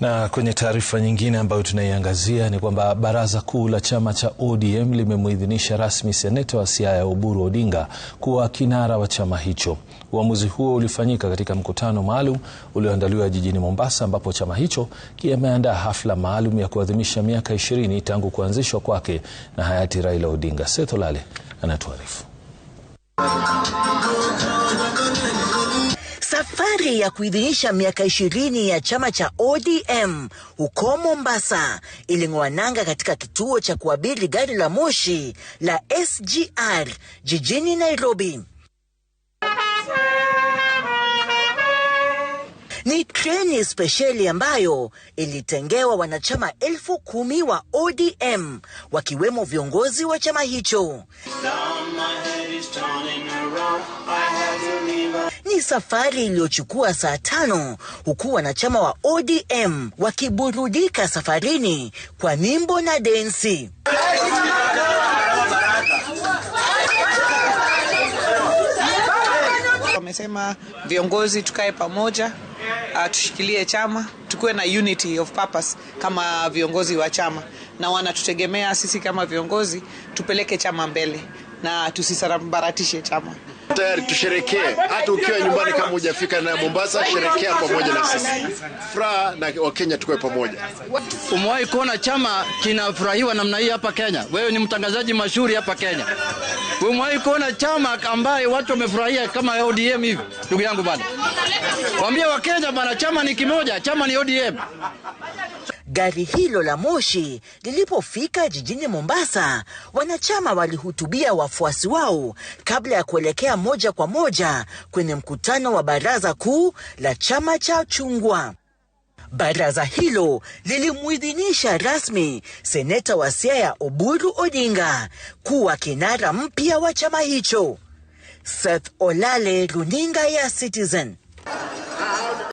Na kwenye taarifa nyingine ambayo tunaiangazia ni kwamba baraza kuu la chama cha ODM limemuidhinisha rasmi seneta wa Siaya Oburu Odinga kuwa kinara wa chama hicho. Uamuzi huo ulifanyika katika mkutano maalum ulioandaliwa jijini Mombasa ambapo chama hicho kimeandaa hafla maalum ya kuadhimisha miaka ishirini tangu kuanzishwa kwake na hayati Raila Odinga. Setolale anatuarifu. Safari ya kuidhinisha miaka ishirini ya chama cha ODM huko Mombasa iling'oa nanga katika kituo cha kuabiri gari la moshi la SGR jijini Nairobi. Ni treni spesheli ambayo ilitengewa wanachama elfu kumi wa ODM wakiwemo viongozi wa chama hicho ni safari iliyochukua saa tano huku wanachama wa ODM wakiburudika safarini kwa nyimbo na densi. Wamesema viongozi tukae pamoja, ah, tushikilie chama, tukuwe na unity of purpose kama viongozi wa chama, na wanatutegemea sisi kama viongozi tupeleke chama mbele na tusisambaratishe chama. Tayari tusherekee, hata ukiwa nyumbani kama hujafika na Mombasa, sherekea pamoja na sisi, furaha na Wakenya tukwe pamoja. Umewahi kuona chama kinafurahiwa namna hii hapa Kenya? Wewe ni mtangazaji mashuhuri hapa Kenya, umewahi kuona chama ambaye watu wamefurahia kama ODM hivi? Ndugu yangu bana, waambie Wakenya bana, chama ni kimoja, chama ni ODM. Gari hilo la moshi lilipofika jijini Mombasa, wanachama walihutubia wafuasi wao kabla ya kuelekea moja kwa moja kwenye mkutano wa baraza kuu la chama cha chungwa. Baraza hilo lilimuidhinisha rasmi seneta wa Siaya Oburu Odinga kuwa kinara mpya wa chama hicho. Seth Olale, runinga ya Citizen.